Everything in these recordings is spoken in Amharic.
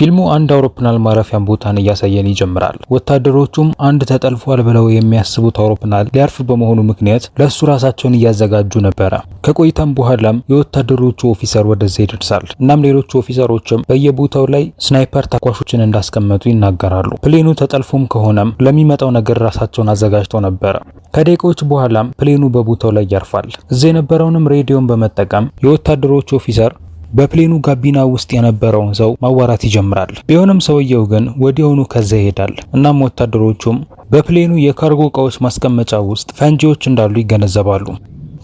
ፊልሙ አንድ አውሮፕላን ማረፊያን ቦታን እያሳየን ይጀምራል። ወታደሮቹም አንድ ተጠልፏል ብለው የሚያስቡት አውሮፕላን ሊያርፍ በመሆኑ ምክንያት ለእሱ ራሳቸውን እያዘጋጁ ነበረ። ከቆይታም በኋላም የወታደሮቹ ኦፊሰር ወደዛ ይደርሳል። እናም ሌሎቹ ኦፊሰሮችም በየቦታው ላይ ስናይፐር ተኳሾችን እንዳስቀመጡ ይናገራሉ። ፕሌኑ ተጠልፎም ከሆነም ለሚመጣው ነገር ራሳቸውን አዘጋጅተው ነበረ። ከደቂቃዎች በኋላም ፕሌኑ በቦታው ላይ ያርፋል። እዛ የነበረውንም ሬዲዮን በመጠቀም የወታደሮቹ ኦፊሰር በፕሌኑ ጋቢና ውስጥ የነበረውን ሰው ማዋራት ይጀምራል። ቢሆንም ሰውየው ግን ወዲያውኑ ከዛ ይሄዳል። እናም ወታደሮቹም በፕሌኑ የካርጎ እቃዎች ማስቀመጫ ውስጥ ፈንጂዎች እንዳሉ ይገነዘባሉ።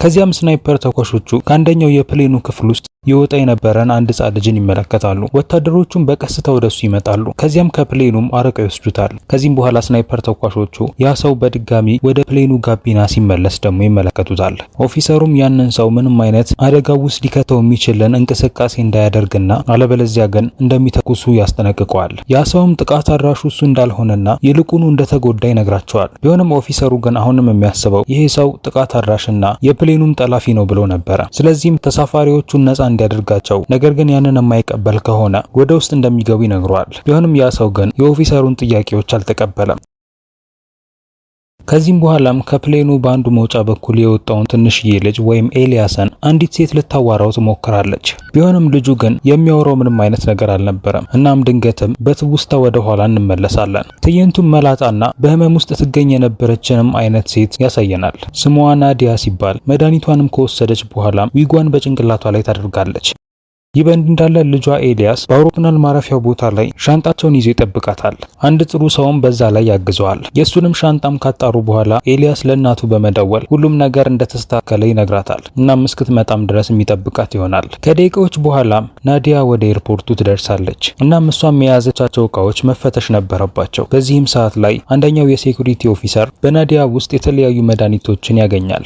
ከዚያም ስናይፐር ተኳሾቹ ከአንደኛው የፕሌኑ ክፍል ውስጥ ይወጣ የነበረን አንድ ሕፃን ልጅን ይመለከታሉ። ወታደሮቹም በቀስታ ወደሱ ይመጣሉ። ከዚያም ከፕሌኑም አረቃ ይወስዱታል። ከዚህም በኋላ ስናይፐር ተኳሾቹ ያ ሰው በድጋሚ ወደ ፕሌኑ ጋቢና ሲመለስ ደግሞ ይመለከቱታል። ኦፊሰሩም ያንን ሰው ምንም አይነት አደጋ ውስጥ ሊከተው የሚችልን እንቅስቃሴ እንዳያደርግና አለበለዚያ ግን እንደሚተኩሱ ያስጠነቅቀዋል። ያ ሰውም ጥቃት አድራሹ እሱ እንዳልሆነና ይልቁኑ እንደተጎዳ ይነግራቸዋል። ቢሆንም ኦፊሰሩ ግን አሁንም የሚያስበው ይሄ ሰው ጥቃት አድራሽና የፕሌኑም ጠላፊ ነው ብሎ ነበረ። ስለዚህም ተሳፋሪዎቹን ነጻ እንዲያደርጋቸው ነገር ግን ያንን የማይቀበል ከሆነ ወደ ውስጥ እንደሚገቡ ይነግረዋል። ቢሆንም ያ ሰው ግን የኦፊሰሩን ጥያቄዎች አልተቀበለም። ከዚህም በኋላም ከፕሌኑ በአንዱ መውጫ በኩል የወጣውን ትንሽዬ ልጅ ወይም ኤልያስን አንዲት ሴት ልታዋራው ትሞክራለች። ቢሆንም ልጁ ግን የሚያወራው ምንም አይነት ነገር አልነበረም። እናም ድንገትም በትውስታ ወደ ኋላ እንመለሳለን። ትዕይንቱም መላጣና በህመም ውስጥ ትገኝ የነበረችንም አይነት ሴት ያሳየናል። ስሟ ናዲያ ሲባል መድኃኒቷንም ከወሰደች በኋላ ዊጓን በጭንቅላቷ ላይ ታደርጋለች። ይህ በእንዲህ እንዳለ ልጇ ኤልያስ በአውሮፕላን ማረፊያው ቦታ ላይ ሻንጣቸውን ይዞ ይጠብቃታል። አንድ ጥሩ ሰውም በዛ ላይ ያግዘዋል። የእሱንም ሻንጣም ካጣሩ በኋላ ኤልያስ ለእናቱ በመደወል ሁሉም ነገር እንደተስተካከለ ይነግራታል። እናም እስክትመጣም ድረስ የሚጠብቃት ይሆናል። ከደቂቃዎች በኋላም ናዲያ ወደ ኤርፖርቱ ትደርሳለች። እናም እሷም የያዘቻቸው እቃዎች መፈተሽ ነበረባቸው። በዚህም ሰዓት ላይ አንደኛው የሴኩሪቲ ኦፊሰር በናዲያ ውስጥ የተለያዩ መድኃኒቶችን ያገኛል።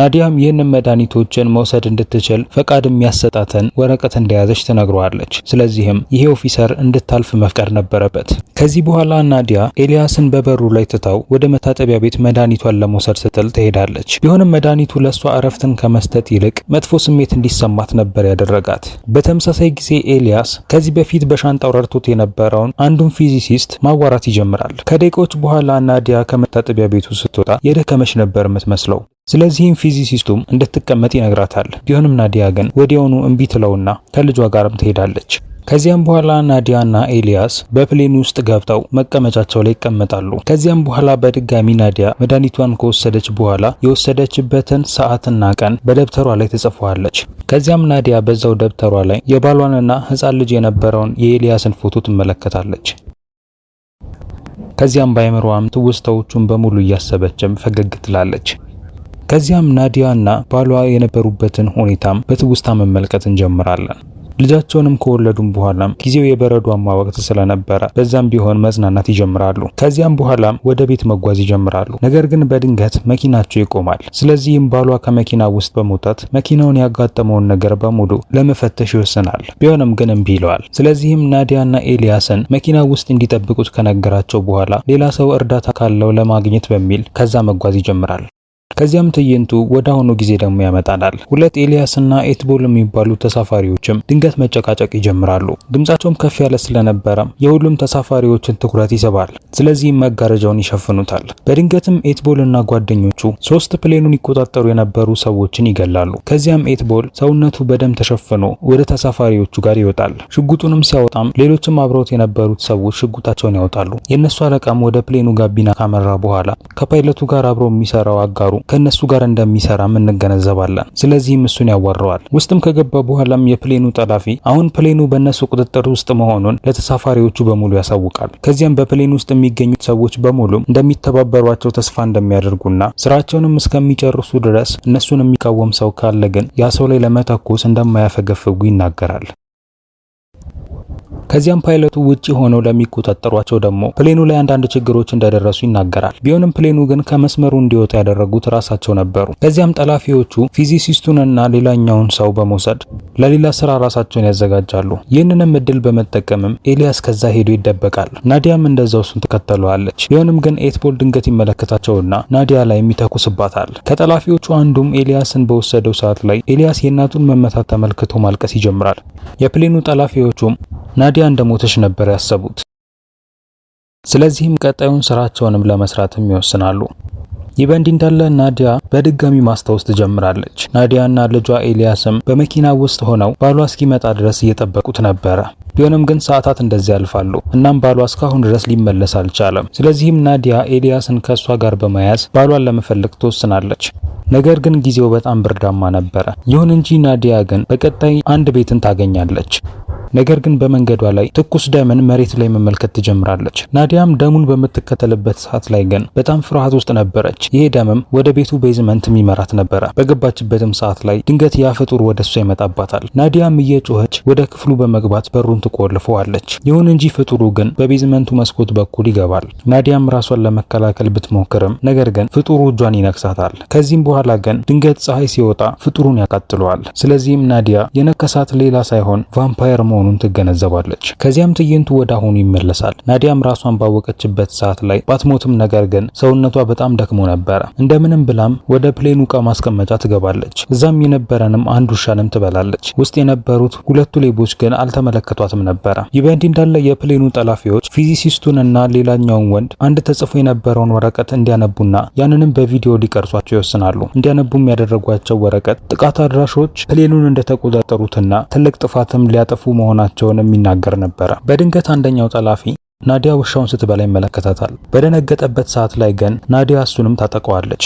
ናዲያም ይህንን መድኃኒቶችን መውሰድ እንድትችል ፈቃድ የሚያሰጣትን ወረቀት እንደያዘች ትነግረዋለች። ስለዚህም ይሄ ኦፊሰር እንድታልፍ መፍቀድ ነበረበት። ከዚህ በኋላ ናዲያ ኤልያስን በበሩ ላይ ትታው ወደ መታጠቢያ ቤት መድኃኒቷን ለመውሰድ ስትል ትሄዳለች። ቢሆንም መድኃኒቱ ለእሷ እረፍትን ከመስጠት ይልቅ መጥፎ ስሜት እንዲሰማት ነበር ያደረጋት። በተመሳሳይ ጊዜ ኤልያስ ከዚህ በፊት በሻንጣው ረድቶት የነበረውን አንዱን ፊዚሲስት ማዋራት ይጀምራል። ከደቂቃዎች በኋላ ናዲያ ከመታጠቢያ ቤቱ ስትወጣ የደከመች ነበር የምትመስለው። ስለዚህም ፊዚሲስቱም እንድትቀመጥ ይነግራታል። ቢሆንም ናዲያ ግን ወዲያውኑ እምቢ ትለውና ከልጇ ጋርም ትሄዳለች። ከዚያም በኋላ ናዲያና ኤልያስ በፕሌን ውስጥ ገብተው መቀመጫቸው ላይ ይቀመጣሉ። ከዚያም በኋላ በድጋሚ ናዲያ መድኃኒቷን ከወሰደች በኋላ የወሰደችበትን ሰዓትና ቀን በደብተሯ ላይ ትጽፈዋለች። ከዚያም ናዲያ በዛው ደብተሯ ላይ የባሏንና ሕፃን ልጅ የነበረውን የኤልያስን ፎቶ ትመለከታለች። ከዚያም ባይምሯም ትውስታዎቹን በሙሉ እያሰበችም ፈገግ ትላለች። ከዚያም ናዲያ እና ባሏ የነበሩበትን ሁኔታም በትውስታ መመልከት እንጀምራለን። ልጃቸውንም ከወለዱም በኋላም ጊዜው የበረዷማ ወቅት ስለነበረ በዛም ቢሆን መዝናናት ይጀምራሉ። ከዚያም በኋላም ወደ ቤት መጓዝ ይጀምራሉ። ነገር ግን በድንገት መኪናቸው ይቆማል። ስለዚህም ባሏ ከመኪና ውስጥ በመውጣት መኪናውን ያጋጠመውን ነገር በሙሉ ለመፈተሽ ይወስናል። ቢሆንም ግን እምቢ ይለዋል። ስለዚህም ናዲያና ኤልያስን መኪና ውስጥ እንዲጠብቁት ከነገራቸው በኋላ ሌላ ሰው እርዳታ ካለው ለማግኘት በሚል ከዛ መጓዝ ይጀምራል። ከዚያም ትዕይንቱ ወደ አሁኑ ጊዜ ደግሞ ያመጣናል። ሁለት እና ኤትቦል የሚባሉ ተሳፋሪዎችም ድንገት መጨቃጨቅ ይጀምራሉ። ድምጻቸውም ከፍ ያለ ስለነበረም የሁሉም ተሳፋሪዎችን ትኩረት ይስባል። ስለዚህም መጋረጃውን ይሸፍኑታል። በድንገትም እና ጓደኞቹ ሶስት ፕሌኑን ይቆጣጠሩ የነበሩ ሰዎችን ይገላሉ። ከዚያም ኤትቦል ሰውነቱ በደም ተሸፍኖ ወደ ተሳፋሪዎቹ ጋር ይወጣል። ሽጉጡንም ሲያወጣም ሌሎችም አብረውት የነበሩት ሰዎች ሽጉጣቸውን ያወጣሉ። የእነሱ አለቃም ወደ ፕሌኑ ጋቢና ካመራ በኋላ ከፓይለቱ ጋር አብሮ የሚሰራው አጋሩ ስለነበሩ ከእነሱ ጋር እንደሚሰራም እንገነዘባለን። ስለዚህም እሱን ያዋረዋል። ውስጥም ከገባ በኋላም የፕሌኑ ጠላፊ አሁን ፕሌኑ በእነሱ ቁጥጥር ውስጥ መሆኑን ለተሳፋሪዎቹ በሙሉ ያሳውቃል። ከዚያም በፕሌን ውስጥ የሚገኙት ሰዎች በሙሉ እንደሚተባበሯቸው ተስፋ እንደሚያደርጉና ስራቸውንም እስከሚጨርሱ ድረስ እነሱን የሚቃወም ሰው ካለ ግን ያ ሰው ላይ ለመተኮስ እንደማያፈገፍጉ ይናገራል። ከዚያም ፓይለቱ ውጪ ሆነው ለሚቆጣጠሯቸው ደግሞ ፕሌኑ ላይ አንዳንድ ችግሮች እንደደረሱ ይናገራል። ቢሆንም ፕሌኑ ግን ከመስመሩ እንዲወጣ ያደረጉት ራሳቸው ነበሩ። ከዚያም ጠላፊዎቹ ፊዚሲስቱንና ሌላኛውን ሰው በመውሰድ ለሌላ ስራ ራሳቸውን ያዘጋጃሉ። ይህንንም እድል በመጠቀምም ኤልያስ ከዛ ሄዶ ይደበቃል። ናዲያም እንደዛው እሱን ትከተለዋለች። ቢሆንም ግን ኤትፖል ድንገት ይመለከታቸውና ናዲያ ላይ የሚተኩስባታል። ከጠላፊዎቹ አንዱም ኤልያስን በወሰደው ሰዓት ላይ ኤልያስ የእናቱን መመታት ተመልክቶ ማልቀስ ይጀምራል። የፕሌኑ ጠላፊዎቹም ናዲያ እንደሞተች ነበር ያሰቡት። ስለዚህም ቀጣዩን ስራቸውንም ለመስራትም ይወስናሉ። ይህ በእንዲህ እንዳለ ናዲያ በድጋሚ ማስታወስ ትጀምራለች። ናዲያና ልጇ ኤልያስም በመኪና ውስጥ ሆነው ባሏ እስኪመጣ ድረስ እየጠበቁት ነበረ። ቢሆንም ግን ሰዓታት እንደዚህ ያልፋሉ። እናም ባሏ እስካሁን ድረስ ሊመለስ አልቻለም። ስለዚህም ናዲያ ኤልያስን ከእሷ ጋር በመያዝ ባሏን ለመፈለግ ትወስናለች። ነገር ግን ጊዜው በጣም ብርዳማ ነበረ። ይሁን እንጂ ናዲያ ግን በቀጣይ አንድ ቤትን ታገኛለች። ነገር ግን በመንገዷ ላይ ትኩስ ደምን መሬት ላይ መመልከት ትጀምራለች። ናዲያም ደሙን በምትከተልበት ሰዓት ላይ ግን በጣም ፍርሃት ውስጥ ነበረች። ይሄ ደምም ወደ ቤቱ ቤዝመንት የሚመራት ነበረ። በገባችበትም ሰዓት ላይ ድንገት ያ ፍጡር ወደ እሷ ይመጣባታል። ናዲያም እየጮኸች ወደ ክፍሉ በመግባት በሩን ትቆልፈዋለች። ይሁን እንጂ ፍጡሩ ግን በቤዝመንቱ መስኮት በኩል ይገባል። ናዲያም ራሷን ለመከላከል ብትሞክርም ነገር ግን ፍጡሩ እጇን ይነክሳታል። ከዚህም በኋላ ግን ድንገት ፀሐይ ሲወጣ ፍጡሩን ያቃጥለዋል። ስለዚህም ናዲያ የነከሳት ሌላ ሳይሆን ቫምፓየር መሆኑ መሆኑን ትገነዘባለች። ከዚያም ትዕይንቱ ወደ አሁኑ ይመለሳል። ናዲያም ራሷን ባወቀችበት ሰዓት ላይ ባትሞትም፣ ነገር ግን ሰውነቷ በጣም ደክሞ ነበረ። እንደምንም ብላም ወደ ፕሌኑ ዕቃ ማስቀመጫ ትገባለች። እዛም የነበረንም አንድ ውሻንም ትበላለች። ውስጥ የነበሩት ሁለቱ ሌቦች ግን አልተመለከቷትም ነበረ። ይህ በእንዲህ እንዳለ የፕሌኑ ጠላፊዎች ፊዚሲስቱን እና ሌላኛውን ወንድ አንድ ተጽፎ የነበረውን ወረቀት እንዲያነቡና ያንንም በቪዲዮ ሊቀርጿቸው ይወስናሉ። እንዲያነቡም ያደረጓቸው ወረቀት ጥቃት አድራሾች ፕሌኑን እንደተቆጣጠሩትና ትልቅ ጥፋትም ሊያጠፉ መሆኑ መሆናቸውንም ይናገር ነበረ። በድንገት አንደኛው ጠላፊ ናዲያ ውሻውን ስትበላ ይመለከታታል። በደነገጠበት ሰዓት ላይ ግን ናዲያ እሱንም ታጠቀዋለች።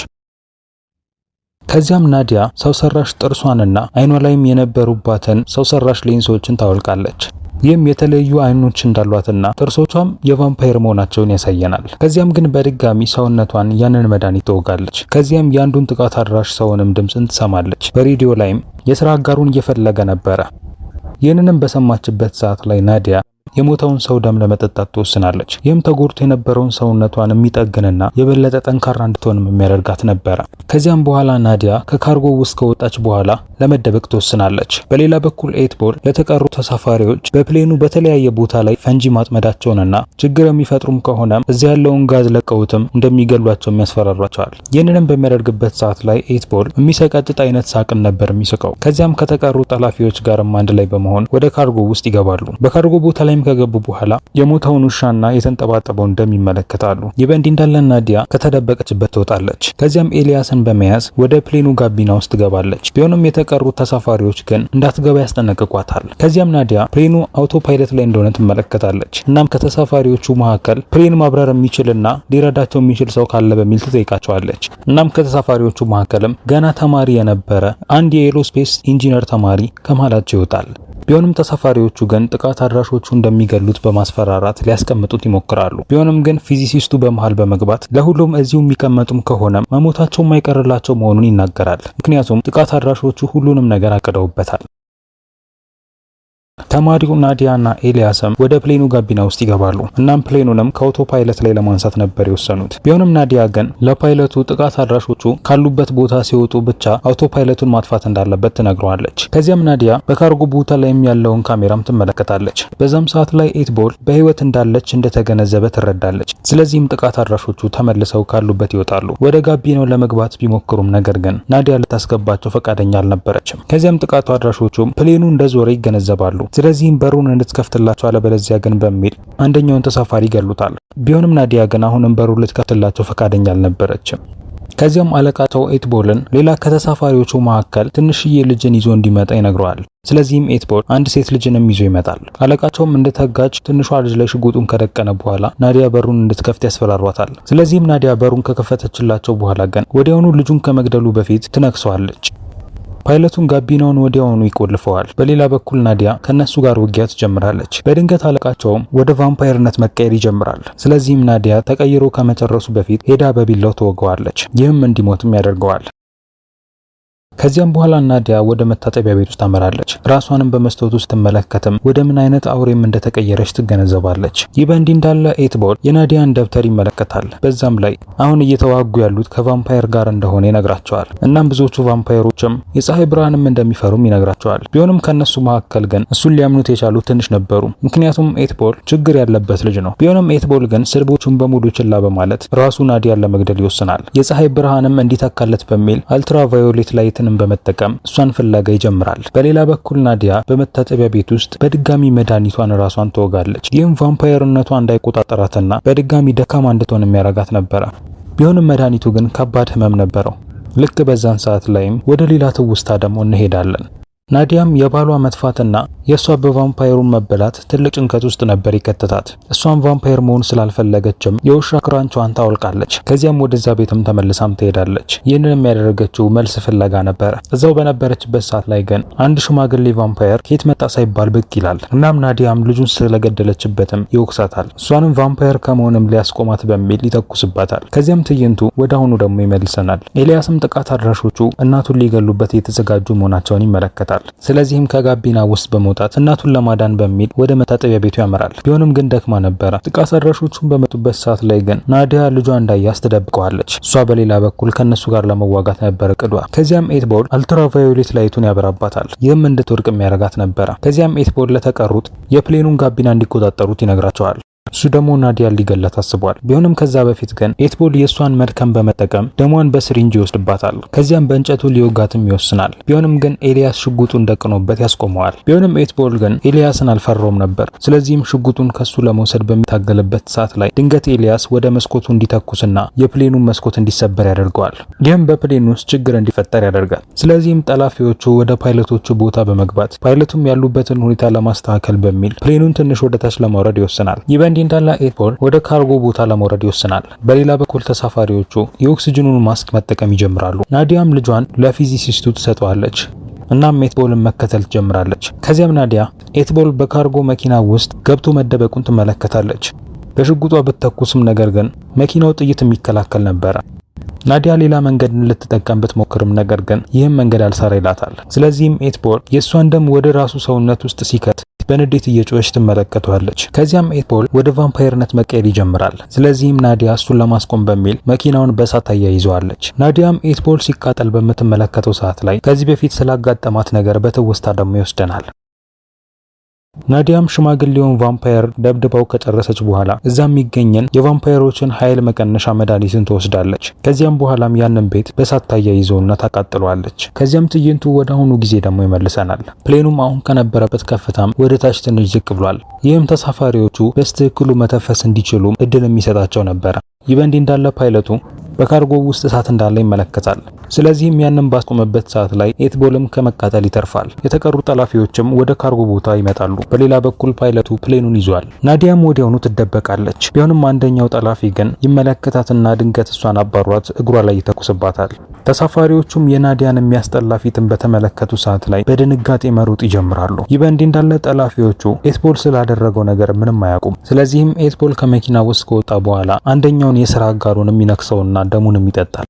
ከዚያም ናዲያ ሰው ሰራሽ ጥርሷንና አይኗ ላይም የነበሩባትን ሰው ሰራሽ ሌንሶችን ታወልቃለች። ይህም የተለያዩ አይኖች እንዳሏትና ጥርሶቿም የቫምፓየር መሆናቸውን ያሳየናል። ከዚያም ግን በድጋሚ ሰውነቷን ያንን መድኃኒት ትወጋለች። ከዚያም የአንዱን ጥቃት አድራሽ ሰውንም ድምፅን ትሰማለች። በሬዲዮ ላይም የስራ አጋሩን እየፈለገ ነበረ። ይህንንም በሰማችበት ሰዓት ላይ ናዲያ የሞተውን ሰው ደም ለመጠጣት ትወስናለች። ይህም ተጎድቶ የነበረውን ሰውነቷን የሚጠግንና የበለጠ ጠንካራ እንድትሆንም የሚያደርጋት ነበረ። ከዚያም በኋላ ናዲያ ከካርጎ ውስጥ ከወጣች በኋላ ለመደበቅ ትወስናለች። በሌላ በኩል ኤትቦል ለተቀሩ ተሳፋሪዎች በፕሌኑ በተለያየ ቦታ ላይ ፈንጂ ማጥመዳቸውንና ችግር የሚፈጥሩም ከሆነም እዚያ ያለውን ጋዝ ለቀውትም እንደሚገሏቸው የሚያስፈራሯቸዋል። ይህንንም በሚያደርግበት ሰዓት ላይ ኤትቦል የሚሰቀጥጥ አይነት ሳቅን ነበር የሚስቀው። ከዚያም ከተቀሩ ጠላፊዎች ጋርም አንድ ላይ በመሆን ወደ ካርጎ ውስጥ ይገባሉ። በካርጎ ቦታ ላይ ገዳም ከገቡ በኋላ የሞተውን ውሻና የተንጠባጠበውን ደም ይመለከታሉ። ይህ በእንዲህ እንዳለ ናዲያ ከተደበቀችበት ትወጣለች። ከዚያም ኤልያስን በመያዝ ወደ ፕሌኑ ጋቢና ውስጥ ትገባለች። ቢሆንም የተቀሩት ተሳፋሪዎች ግን እንዳትገባ ያስጠነቅቋታል። ከዚያም ናዲያ ፕሌኑ አውቶ ፓይለት ላይ እንደሆነ ትመለከታለች። እናም ከተሳፋሪዎቹ መካከል ፕሌን ማብረር የሚችልና ሊረዳቸው የሚችል ሰው ካለ በሚል ትጠይቃቸዋለች። እናም ከተሳፋሪዎቹ መካከልም ገና ተማሪ የነበረ አንድ የኤሮስፔስ ኢንጂነር ተማሪ ከመሃላቸው ይወጣል። ቢሆንም ተሳፋሪዎቹ ግን ጥቃት አድራሾቹ እንደሚገሉት በማስፈራራት ሊያስቀምጡት ይሞክራሉ። ቢሆንም ግን ፊዚሲስቱ በመሃል በመግባት ለሁሉም እዚሁ የሚቀመጡም ከሆነ መሞታቸው የማይቀርላቸው መሆኑን ይናገራል። ምክንያቱም ጥቃት አድራሾቹ ሁሉንም ነገር አቅደውበታል። ተማሪው ናዲያ እና ኤልያስም ወደ ፕሌኑ ጋቢና ውስጥ ይገባሉ። እናም ፕሌኑንም ከአውቶ ፓይለት ላይ ለማንሳት ነበር የወሰኑት። ቢሆንም ናዲያ ግን ለፓይለቱ ጥቃት አድራሾቹ ካሉበት ቦታ ሲወጡ ብቻ አውቶ ፓይለቱን ማጥፋት እንዳለበት ትነግረዋለች። ከዚያም ናዲያ በካርጎ ቦታ ላይም ያለውን ካሜራም ትመለከታለች። በዛም ሰዓት ላይ ኤት ቦል በህይወት እንዳለች እንደተገነዘበ ትረዳለች። ስለዚህም ጥቃት አድራሾቹ ተመልሰው ካሉበት ይወጣሉ። ወደ ጋቢናው ለመግባት ቢሞክሩም ነገር ግን ናዲያ ልታስገባቸው ፈቃደኛ አልነበረችም። ከዚያም ጥቃቱ አድራሾቹ ፕሌኑ እንደዞረ ይገነዘባሉ። ስለዚህም በሩን እንድትከፍትላቸው አለበለዚያ ግን በሚል አንደኛውን ተሳፋሪ ይገሉታል። ቢሆንም ናዲያ ግን አሁንም በሩን ልትከፍትላቸው ፈቃደኛ አልነበረችም። ከዚያም አለቃቸው ኤትቦልን ሌላ ከተሳፋሪዎቹ መካከል ትንሽዬ ልጅን ይዞ እንዲመጣ ይነግረዋል። ስለዚህም ኤትቦል አንድ ሴት ልጅንም ይዞ ይመጣል። አለቃቸውም እንደተጋጭ ትንሿ ልጅ ላይ ሽጉጡን ከደቀነ በኋላ ናዲያ በሩን እንድትከፍት ያስፈራሯታል። ስለዚህም ናዲያ በሩን ከከፈተችላቸው በኋላ ግን ወዲያውኑ ልጁን ከመግደሉ በፊት ትነክሰዋለች። ፓይለቱን ጋቢናውን ወዲያውኑ ይቆልፈዋል። በሌላ በኩል ናዲያ ከነሱ ጋር ውጊያ ትጀምራለች። በድንገት አለቃቸውም ወደ ቫምፓየርነት መቀየር ይጀምራል። ስለዚህም ናዲያ ተቀይሮ ከመጨረሱ በፊት ሄዳ በቢላው ትወገዋለች። ይህም እንዲሞትም ያደርገዋል። ከዚያም በኋላ ናዲያ ወደ መታጠቢያ ቤት ውስጥ ታመራለች። ራሷንም በመስታወት ውስጥ ስትመለከትም ወደ ምን አይነት አውሬም እንደተቀየረች ትገነዘባለች። ይህ በእንዲህ እንዳለ ኤትቦል የናዲያን ደብተር ይመለከታል። በዛም ላይ አሁን እየተዋጉ ያሉት ከቫምፓየር ጋር እንደሆነ ይነግራቸዋል። እናም ብዙዎቹ ቫምፓየሮችም የፀሐይ ብርሃንም እንደሚፈሩም ይነግራቸዋል። ቢሆንም ከነሱ መካከል ግን እሱን ሊያምኑት የቻሉ ትንሽ ነበሩ። ምክንያቱም ኤትቦል ችግር ያለበት ልጅ ነው። ቢሆንም ኤትቦል ግን ስድቦቹን በሙሉ ችላ በማለት ራሱ ናዲያን ለመግደል ይወስናል። የፀሐይ ብርሃንም እንዲተካለት በሚል አልትራ ቫዮሌት ያንን በመጠቀም እሷን ፍለጋ ይጀምራል። በሌላ በኩል ናዲያ በመታጠቢያ ቤት ውስጥ በድጋሚ መድኃኒቷን ራሷን ትወጋለች። ይህም ቫምፓየርነቷ እንዳይቆጣጠራትና በድጋሚ ደካማ እንድትሆን የሚያረጋት ነበረ። ቢሆንም መድኃኒቱ ግን ከባድ ህመም ነበረው። ልክ በዛን ሰዓት ላይም ወደ ሌላ ትውስታ ደግሞ እንሄዳለን። ናዲያም የባሏ መጥፋትና የእሷ በቫምፓየሩን መበላት ትልቅ ጭንቀት ውስጥ ነበር ይከተታት። እሷም ቫምፓየር መሆን ስላልፈለገችም የውሻ ክራንቿን ታወልቃለች። ከዚያም ወደዛ ቤትም ተመልሳም ትሄዳለች። ይህንንም የሚያደረገችው መልስ ፍለጋ ነበረ። እዛው በነበረችበት ሰዓት ላይ ግን አንድ ሽማግሌ ቫምፓየር ከየት መጣ ሳይባል ብቅ ይላል። እናም ናዲያም ልጁን ስለገደለችበትም ይወቅሳታል። እሷንም ቫምፓየር ከመሆንም ሊያስቆማት በሚል ይተኩስባታል። ከዚያም ትዕይንቱ ወደ አሁኑ ደግሞ ይመልሰናል። ኤልያስም ጥቃት አድራሾቹ እናቱን ሊገሉበት የተዘጋጁ መሆናቸውን ይመለከታል። ይጀምራል። ስለዚህም ከጋቢና ውስጥ በመውጣት እናቱን ለማዳን በሚል ወደ መታጠቢያ ቤቱ ያመራል። ቢሆንም ግን ደክማ ነበረ። ጥቃት አድራሾቹን በመጡበት ሰዓት ላይ ግን ናዲያ ልጇ እንዳያስ ትደብቀዋለች። እሷ በሌላ በኩል ከነሱ ጋር ለመዋጋት ነበረ ቅዷ። ከዚያም ኤት ቦል አልትራቫዮሌት ላይቱን ያበራባታል። ይህም እንድትወድቅ የሚያደርጋት ነበረ። ከዚያም ኤትቦል ለተቀሩት የፕሌኑን ጋቢና እንዲቆጣጠሩት ይነግራቸዋል። እሱ ደግሞ ናዲያ ሊገላት አስቧል። ቢሆንም ከዛ በፊት ግን ኤትቦል የእሷን መድከም በመጠቀም ደሟን በስሪንጅ ይወስድባታል። ከዚያም በእንጨቱ ሊወጋትም ይወስናል። ቢሆንም ግን ኤልያስ ሽጉጡን ደቅኖበት ያስቆመዋል። ቢሆንም ኤትቦል ግን ኤልያስን አልፈራውም ነበር። ስለዚህም ሽጉጡን ከሱ ለመውሰድ በሚታገልበት ሰዓት ላይ ድንገት ኤልያስ ወደ መስኮቱ እንዲተኩስና የፕሌኑን መስኮት እንዲሰበር ያደርገዋል። ይህም በፕሌን ውስጥ ችግር እንዲፈጠር ያደርጋል። ስለዚህም ጠላፊዎቹ ወደ ፓይለቶቹ ቦታ በመግባት ፓይለቱም ያሉበትን ሁኔታ ለማስተካከል በሚል ፕሌኑን ትንሽ ወደ ታች ለማውረድ ይወስናል። ይህ እንዲህ እንዳለ ኤርፖል ወደ ካርጎ ቦታ ለመውረድ ይወስናል። በሌላ በኩል ተሳፋሪዎቹ የኦክስጅኑን ማስክ መጠቀም ይጀምራሉ። ናዲያም ልጇን ለፊዚሲስቱ ትሰጠዋለች። እናም ኤትቦልን መከተል ትጀምራለች። ከዚያም ናዲያ ኤትቦል በካርጎ መኪና ውስጥ ገብቶ መደበቁን ትመለከታለች። በሽጉጧ ብትተኩስም ነገር ግን መኪናው ጥይት የሚከላከል ነበረ። ናዲያ ሌላ መንገድ ልትጠቀም ብትሞክርም ነገር ግን ይህም መንገድ አልሰራ ይላታል። ስለዚህም ኤትቦል የእሷን ደም ወደ ራሱ ሰውነት ውስጥ ሲከት በንዴት እየጮኸች ትመለከተዋለች። ከዚያም ኤትፖል ወደ ቫምፓየርነት መቀየር ይጀምራል። ስለዚህም ናዲያ እሱን ለማስቆም በሚል መኪናውን በእሳት አያይዘዋለች። ናዲያም ኤትፖል ሲቃጠል በምትመለከተው ሰዓት ላይ ከዚህ በፊት ስላጋጠማት ነገር በትውስታ ደግሞ ይወስደናል። ናዲያም ሽማግሌውን ቫምፓየር ደብድበው ከጨረሰች በኋላ እዛ የሚገኘን የቫምፓየሮችን ኃይል መቀነሻ መድኃኒትን ትወስዳለች። ከዚያም በኋላም ያንን ቤት በእሳት ታያይዘውና ታቃጥለዋለች። ከዚያም ትዕይንቱ ወደ አሁኑ ጊዜ ደግሞ ይመልሰናል። ፕሌኑም አሁን ከነበረበት ከፍታም ወደ ታች ትንሽ ዝቅ ብሏል። ይህም ተሳፋሪዎቹ በስትክክሉ መተንፈስ እንዲችሉ እድል የሚሰጣቸው ነበረ። ይህ እንዳለ ፓይለቱ በካርጎ ውስጥ እሳት እንዳለ ይመለከታል። ስለዚህም ያንን ባስቆመበት ሰዓት ላይ ኤትቦልም ከመቃጠል ይተርፋል። የተቀሩ ጠላፊዎችም ወደ ካርጎ ቦታ ይመጣሉ። በሌላ በኩል ፓይለቱ ፕሌኑን ይዟል። ናዲያም ወዲያውኑ ትደበቃለች። ቢሆንም አንደኛው ጠላፊ ግን ይመለከታትና ድንገት እሷን አባሯት እግሯ ላይ ይተኩስባታል። ተሳፋሪዎቹም የናዲያን የሚያስጠላ ፊትን በተመለከቱ ሰዓት ላይ በድንጋጤ መሮጥ ይጀምራሉ። ይህ በእንዲህ እንዳለ ጠላፊዎቹ ኤትቦል ስላደረገው ነገር ምንም አያውቁም። ስለዚህም ኤትቦል ከመኪና ውስጥ ከወጣ በኋላ አንደኛውን የስራ አጋሩንም ይነክሰውና ደሙንም ይጠጣል።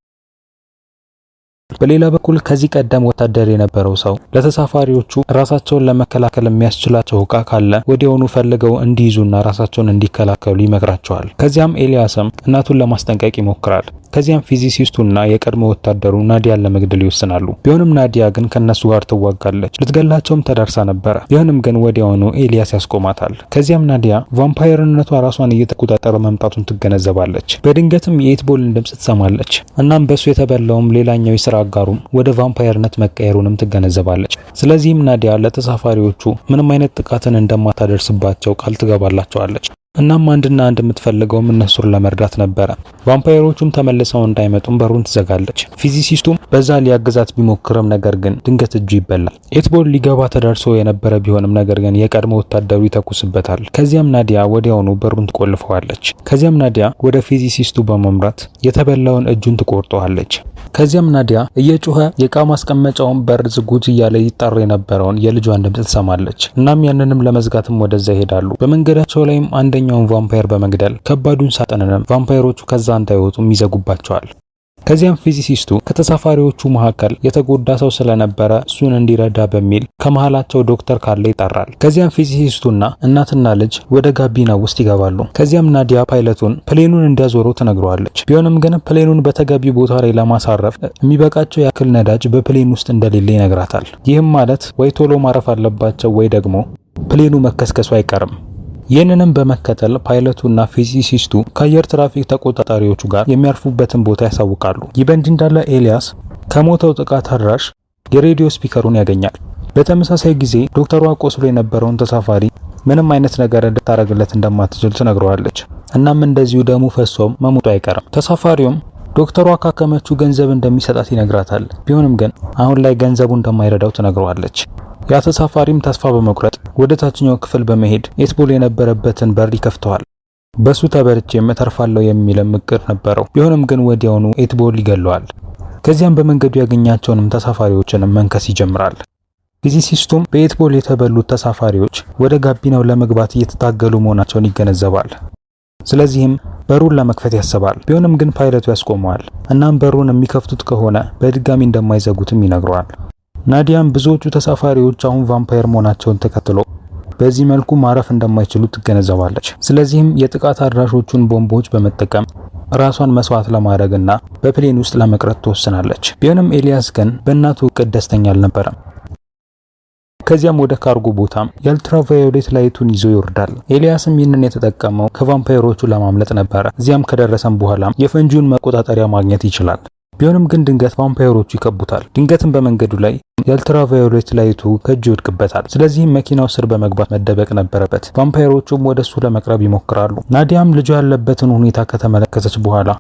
በሌላ በኩል ከዚህ ቀደም ወታደር የነበረው ሰው ለተሳፋሪዎቹ ራሳቸውን ለመከላከል የሚያስችላቸው ዕቃ ካለ ወዲያውኑ ፈልገው እንዲይዙና ራሳቸውን እንዲከላከሉ ይመክራቸዋል። ከዚያም ኤልያስም እናቱን ለማስጠንቀቅ ይሞክራል። ከዚያም ፊዚሲስቱና የቀድሞ ወታደሩ ናዲያን ለመግደል ይወስናሉ። ቢሆንም ናዲያ ግን ከነሱ ጋር ትዋጋለች። ልትገላቸውም ተዳርሳ ነበረ። ቢሆንም ግን ወዲያውኑ ኤልያስ ያስቆማታል። ከዚያም ናዲያ ቫምፓየርነቷ ራሷን እየተቆጣጠረ መምጣቱን ትገነዘባለች። በድንገትም የኤትቦልን ድምፅ ትሰማለች። እናም በሱ የተበላውም ሌላኛው የስራ አጋሩም ወደ ቫምፓየርነት መቀየሩንም ትገነዘባለች። ስለዚህም ናዲያ ለተሳፋሪዎቹ ምንም አይነት ጥቃትን እንደማታደርስባቸው ቃል ትገባላቸዋለች። እናም አንድና አንድ የምትፈልገውም እነሱን ለመርዳት ነበረ። ቫምፓየሮቹም ተመልሰው እንዳይመጡም በሩን ትዘጋለች። ፊዚሲስቱም በዛ ሊያግዛት ቢሞክርም ነገር ግን ድንገት እጁ ይበላል። ኤትቦል ሊገባ ተደርሶ የነበረ ቢሆንም ነገር ግን የቀድሞ ወታደሩ ይተኩስበታል። ከዚያም ናዲያ ወዲያውኑ በሩን ትቆልፈዋለች። ከዚያም ናዲያ ወደ ፊዚሲስቱ በመምራት የተበላውን እጁን ትቆርጠዋለች። ከዚያም ናዲያ እየጮኸ የእቃ ማስቀመጫውን በር ዝጉት እያለ ይጣራ የነበረውን የልጇን ድምፅ ትሰማለች። እናም ያንንም ለመዝጋትም ወደዛ ይሄዳሉ። በመንገዳቸው ላይም አንደኛ ማንኛውም ቫምፓየር በመግደል ከባዱን ሳጥንንም ቫምፓየሮቹ ከዛ እንዳይወጡም ይዘጉባቸዋል። ከዚያም ፊዚሲስቱ ከተሳፋሪዎቹ መካከል የተጎዳ ሰው ስለነበረ እሱን እንዲረዳ በሚል ከመሃላቸው ዶክተር ካለ ይጠራል። ከዚያም ፊዚሲስቱና እናትና ልጅ ወደ ጋቢና ውስጥ ይገባሉ። ከዚያም ናዲያ ፓይለቱን ፕሌኑን እንዲያዞረው ትነግረዋለች። ቢሆንም ግን ፕሌኑን በተገቢ ቦታ ላይ ለማሳረፍ የሚበቃቸው ያክል ነዳጅ በፕሌን ውስጥ እንደሌለ ይነግራታል። ይህም ማለት ወይ ቶሎ ማረፍ አለባቸው ወይ ደግሞ ፕሌኑ መከስከሱ አይቀርም። ይህንንም በመከተል ፓይለቱና ፊዚሲስቱ ከአየር ትራፊክ ተቆጣጣሪዎቹ ጋር የሚያርፉበትን ቦታ ያሳውቃሉ። ይህ በእንዲህ እንዳለ ኤልያስ ከሞተው ጥቃት አድራሽ የሬዲዮ ስፒከሩን ያገኛል። በተመሳሳይ ጊዜ ዶክተሯ ቆስሎ የነበረውን ተሳፋሪ ምንም አይነት ነገር እንድታደርግለት እንደማትችል ትነግረዋለች። እናም እንደዚሁ ደሙ ፈሶም መሞቱ አይቀርም። ተሳፋሪውም ዶክተሯ ካከመችው ገንዘብ እንደሚሰጣት ይነግራታል። ቢሆንም ግን አሁን ላይ ገንዘቡ እንደማይረዳው ትነግረዋለች። የአተሳፋሪም ተስፋ በመቁረጥ ወደ ታችኛው ክፍል በመሄድ ኤትቦል የነበረበትን በር ይከፍተዋል። በሱ ተበልቼም እተርፋለሁ የሚልም እቅድ ነበረው። ቢሆንም ግን ወዲያውኑ ኤትቦል ይገለዋል። ከዚያም በመንገዱ ያገኛቸውንም ተሳፋሪዎችንም መንከስ ይጀምራል። እዚህ ሲስቱም በኤትቦል የተበሉት ተሳፋሪዎች ወደ ጋቢናው ለመግባት እየተታገሉ መሆናቸውን ይገነዘባል። ስለዚህም በሩን ለመክፈት ያስባል። ቢሆንም ግን ፓይለቱ ያስቆመዋል። እናም በሩን የሚከፍቱት ከሆነ በድጋሚ እንደማይዘጉትም ይነግረዋል። ናዲያም ብዙዎቹ ተሳፋሪዎች አሁን ቫምፓየር መሆናቸውን ተከትሎ በዚህ መልኩ ማረፍ እንደማይችሉ ትገነዘባለች። ስለዚህም የጥቃት አድራሾቹን ቦምቦች በመጠቀም ራሷን መስዋዕት ለማድረግና በፕሌን ውስጥ ለመቅረት ትወስናለች። ቢሆንም ኤልያስ ግን በእናቱ እቅድ ደስተኛ አልነበረም። ከዚያም ወደ ካርጎ ቦታም የአልትራቫዮሌት ላይቱን ይዞ ይወርዳል። ኤልያስም ይህንን የተጠቀመው ከቫምፓየሮቹ ለማምለጥ ነበረ። እዚያም ከደረሰም በኋላ የፈንጂውን መቆጣጠሪያ ማግኘት ይችላል። ቢሆንም ግን ድንገት ቫምፓየሮቹ ይከቡታል። ድንገትም በመንገዱ ላይ የአልትራቫዮሌት ላይቱ ከእጅ ይወድቅበታል። ስለዚህም መኪናው ስር በመግባት መደበቅ ነበረበት። ቫምፓየሮቹም ወደ እሱ ለመቅረብ ይሞክራሉ። ናዲያም ልጅ ያለበትን ሁኔታ ከተመለከተች በኋላ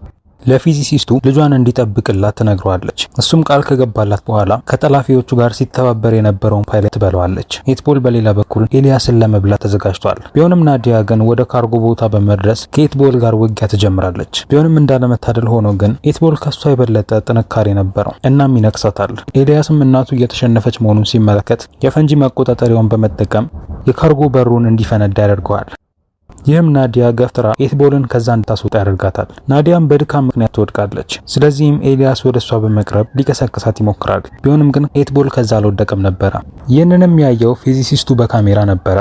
ለፊዚሲስቱ ልጇን እንዲጠብቅላት ትነግረዋለች። እሱም ቃል ከገባላት በኋላ ከጠላፊዎቹ ጋር ሲተባበር የነበረውን ፓይለት ትበለዋለች። ኬትቦል በሌላ በኩል ኤልያስን ለመብላት ተዘጋጅቷል። ቢሆንም ናዲያ ግን ወደ ካርጎ ቦታ በመድረስ ኬትቦል ጋር ውጊያ ትጀምራለች። ቢሆንም እንዳለመታደል ሆኖ ግን ኬትቦል ከሷ የበለጠ ጥንካሬ ነበረው፣ እናም ይነቅሳታል። ኤልያስም እናቱ እየተሸነፈች መሆኑን ሲመለከት የፈንጂ መቆጣጠሪያውን በመጠቀም የካርጎ በሩን እንዲፈነዳ ያደርገዋል። ይህም ናዲያ ገፍትራ ኤትቦልን ከዛ እንድታስወጣ ያደርጋታል። ናዲያም በድካም ምክንያት ትወድቃለች። ስለዚህም ኤልያስ ወደ እሷ በመቅረብ ሊቀሰቅሳት ይሞክራል። ቢሆንም ግን ኤትቦል ከዛ አልወደቀም ነበረ። ይህንንም ያየው ፊዚሲስቱ በካሜራ ነበረ።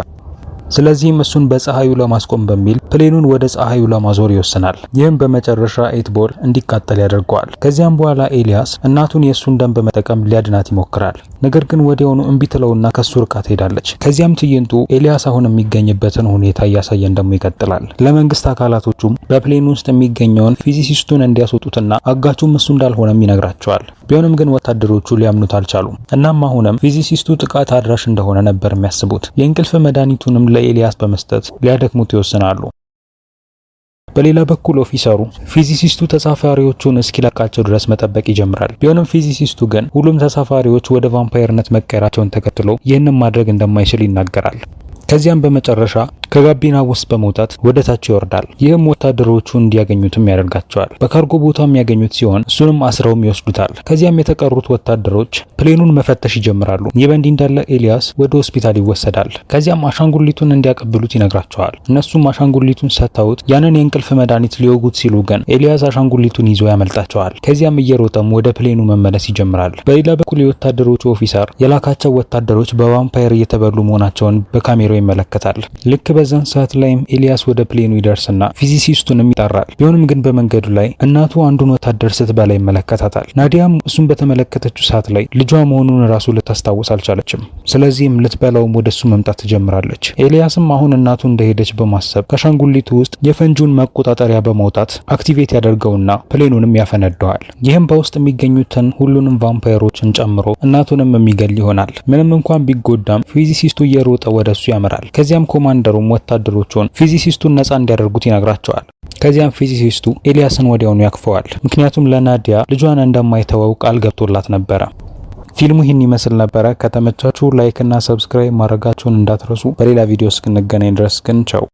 ስለዚህም እሱን በፀሐዩ ለማስቆም በሚል ፕሌኑን ወደ ፀሐዩ ለማዞር ይወስናል። ይህም በመጨረሻ ኤትቦል እንዲቃጠል ያደርገዋል። ከዚያም በኋላ ኤልያስ እናቱን የእሱን ደም በመጠቀም ሊያድናት ይሞክራል። ነገር ግን ወዲያውኑ እምቢ ትለውና ከሱ ርቃ ትሄዳለች። ከዚያም ትዕይንቱ ኤልያስ አሁን የሚገኝበትን ሁኔታ እያሳየን ደግሞ ይቀጥላል። ለመንግስት አካላቶቹም በፕሌን ውስጥ የሚገኘውን ፊዚሲስቱን እንዲያስወጡትና አጋቹም እሱ እንዳልሆነም ይነግራቸዋል። ቢሆንም ግን ወታደሮቹ ሊያምኑት አልቻሉም። እናም አሁንም ፊዚሲስቱ ጥቃት አድራሽ እንደሆነ ነበር የሚያስቡት። የእንቅልፍ መድኃኒቱንም ለኤልያስ በመስጠት ሊያደክሙት ይወስናሉ። በሌላ በኩል ኦፊሰሩ ፊዚሲስቱ ተሳፋሪዎቹን እስኪለቃቸው ድረስ መጠበቅ ይጀምራል። ቢሆንም ፊዚሲስቱ ግን ሁሉም ተሳፋሪዎች ወደ ቫምፓየርነት መቀየራቸውን ተከትሎ ይህንን ማድረግ እንደማይችል ይናገራል። ከዚያም በመጨረሻ ከጋቢና ውስጥ በመውጣት ወደ ታች ይወርዳል። ይህም ወታደሮቹ እንዲያገኙትም ያደርጋቸዋል። በካርጎ ቦታ የሚያገኙት ሲሆን እሱንም አስረውም ይወስዱታል። ከዚያም የተቀሩት ወታደሮች ፕሌኑን መፈተሽ ይጀምራሉ። ይህ በእንዲህ እንዳለ ኤልያስ ወደ ሆስፒታል ይወሰዳል። ከዚያም አሻንጉሊቱን እንዲያቀብሉት ይነግራቸዋል። እነሱም አሻንጉሊቱን ሰጥተውት ያንን የእንቅልፍ መድኃኒት ሊወጉት ሲሉ ግን ኤልያስ አሻንጉሊቱን ይዞ ያመልጣቸዋል። ከዚያም እየሮጠም ወደ ፕሌኑ መመለስ ይጀምራል። በሌላ በኩል የወታደሮቹ ኦፊሰር የላካቸው ወታደሮች በቫምፓየር እየተበሉ መሆናቸውን በካሜራው ይመለከታል። ልክ በዛን ሰዓት ላይም ኤልያስ ወደ ፕሌኑ ይደርስና ፊዚሲስቱንም ይጠራል። ቢሆንም ግን በመንገዱ ላይ እናቱ አንዱን ወታደር ስትበላ ይመለከታታል። ናዲያም እሱን በተመለከተችው ሰዓት ላይ ልጇ መሆኑን ራሱ ልታስታውስ አልቻለችም። ስለዚህም ልትበላውም ወደ እሱ መምጣት ትጀምራለች። ኤልያስም አሁን እናቱ እንደሄደች በማሰብ ከሻንጉሊቱ ውስጥ የፈንጁን መቆጣጠሪያ በማውጣት አክቲቬት ያደርገውና ፕሌኑንም ያፈነደዋል። ይህም በውስጥ የሚገኙትን ሁሉንም ቫምፓየሮችን ጨምሮ እናቱንም የሚገል ይሆናል። ምንም እንኳን ቢጎዳም ፊዚሲስቱ እየሮጠ ወደ እሱ ያመራል። ከዚያም ኮማንደሩም ወታደሮቹን ፊዚሲስቱን ነጻ እንዲያደርጉት ይነግራቸዋል። ከዚያም ፊዚሲስቱ ኤልያስን ወዲያውኑ ያክፈዋል። ምክንያቱም ለናዲያ ልጇን እንደማይተወው ቃል ገብቶላት ነበረ። ፊልሙ ይህን ይመስል ነበረ። ከተመቻችሁ ላይክ እና ሰብስክራይብ ማድረጋችሁን እንዳትረሱ። በሌላ ቪዲዮ እስክንገናኝ ድረስ ግን ቸው